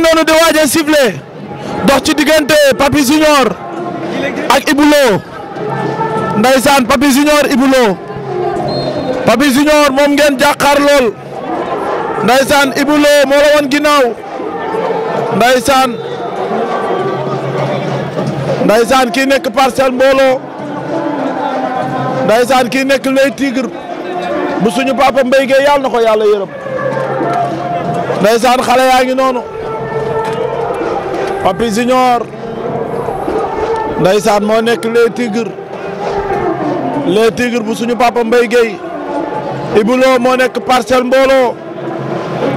ngi noonu di waaj a sifflé dox ci diggante Papy Junior ak Ibou Lo ndaysaan Papy Junior Ibou Lo Papy Junior moom ngeen jàkkaar lool ndaysaan Ibou Lo moo la woon ginnaaw ndaysaan ndaysaan kii nekk parcelle mbooloo ndaysaan kii nekk lay tigre bu suñu papa mbéygee yàlla na ko yàlla yërëm ndaysaan xale yaa ngi noonu Papis Junior ndeysaan moo nekk les Tigres les Tigres bu suñu papa Mbaye Guèye moo nekk parcelle mbooloo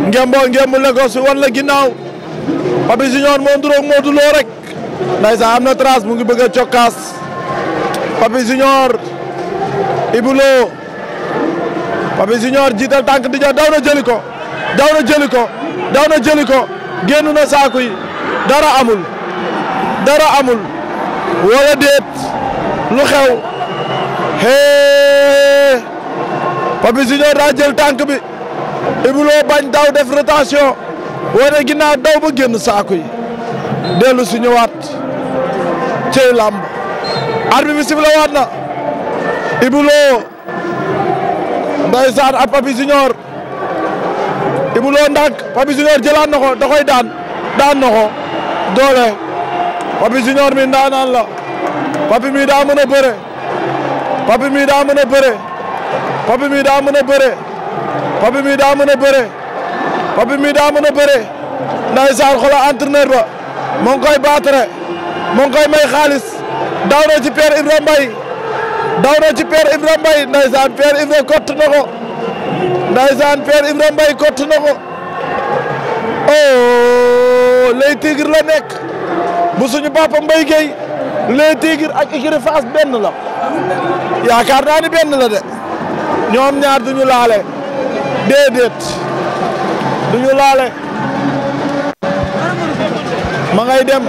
ngemboo ngemb Lagos wan la ginnaaw Papis Junior moo nduróog Modou Lo rek ndeysaan am na trace mu ngi bëgg a cokkaas Papis Junior Ibou Lo Papis jiital tànk di jox na jëli ko daw na jëli ko na jëli yi dara amul dara amul wala déet lu xew hee Papis Junior daa jël tànk bi Ibou Lo bañ daw def rotation wane ginnaaw daw ba génn saako yi dellu si ñëwaat cey làmb arbitre bi sifflé waat na Ibou Lo ndeysaan ak Papis Junior Ibou Lo ndànk Papis Junior jëlaat da koy daan daan na ko doole Papi Junior mi ndaanaan la Papi mi daa bëre Papi mi daa mën bëre Papi mi daa mën a bëre Papi mi daa mën bëre Papi mi daa mën a bëre ndaysaan xoolal entraîneur ba moo ngi koy baatare may xaalis daaw na ci Père Ibrahima Mbaye daaw na ci Père Ibrahima Mbaye ndaysaan Père Ibrahima kott na ko ndaysaan ko oh les tigres la nekk bu suñu papa Mbaye Guèye les tigres ak écurie benn la yaakaar naa ni benn de ñoom ñaar duñu laale déedéet duñu laale ma ngay dem